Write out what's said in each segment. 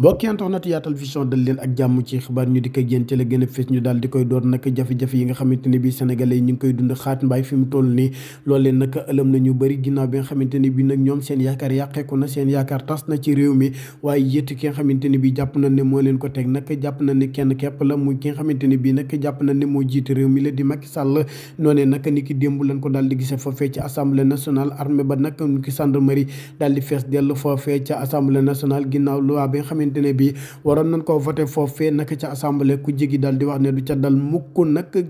mbokk yi tax na Yaatal Vision dal leen ak jàmm ci xibaar ñu di ko génn ci la gën a fës ñu daal di koy door nag jafe-jafe yi nga xamante ne bii sénégalais yi ñu ngi koy dund xaat mbaay fi mu toll nii loolee nag ëlëm na ñu bëri ginnaaw bi nga xamante ne bii nag ñoom seen yaakaar yàqeeku na seen yaakaar na jàpp na ne kenn képp la muy ki xamante ne bii nag jàpp na ne moo jiite réew mi la di Macky Sall noonee nag ni démb lañ ko daal di foofee ci assemblée nationale armée ba nag ñu xamante ne bii waroon nañ koo voté foofee nag ca di wax ne du ca dal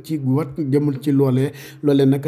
ci wat jëmul ci loolee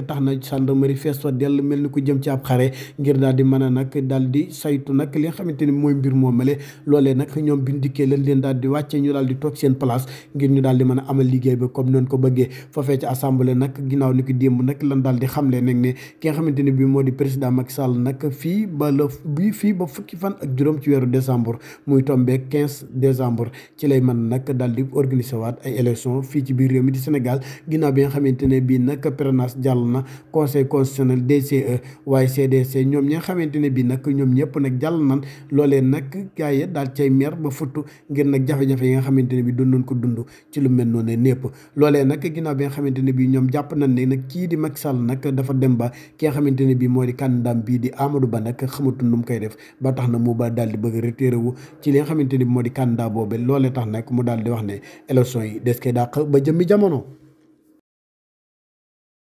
tax na gendarmerie fees fa dell mel ni ku jëm ci ab xare ngir daal di mën a nag daal di saytu nag li nga xamante ni mooy mbir moomale loolee nag ñoom bi ñu dikkee lañ leen daal di wàcce ñu daal di toog seen place ngir ñu daal di mën a amal liggéey ba comme noonu ko bëggee foofee ci assemblée nag ginnaaw ni ko nag lan daal di xamle nag ne ki nga xamante ni bii moo di président Macky Sall nag fii ba la bi fii ba fukki fan ak juróom ci weeru décembre muy tombeek quinze décembre ci lay man nag dal di organiser waat ay élection fii ci biir réew mi di Sénégal ginnaaw bi nga xamante ne bii nag parrainage jàll na conseil constitutionnel DCE waaye CDC ñoom ñi nga xamante ne bii nag ñoom ñëpp nag jàll nan loolee nag gars yi daal cay mer ba futtu ngir nag jafe-jafe yi nga xamante ne bii doon nañ ko dund ci lu mel noonu népp loole nag ginnaaw bi nga xamante ne bii ñoom jàpp nañ ne nag kii di mag Sall nag dafa dem ba ki nga xamante ne bii moo di candidat bii di Amadou Ba nag xamatu nu mu koy def ba tax na mu ba daal di bëgg retiré wu te xamante ni moo di candidat boobee loolee tax nag mu daal di wax ne élection yi des koy dàq ba jëmmi jamono.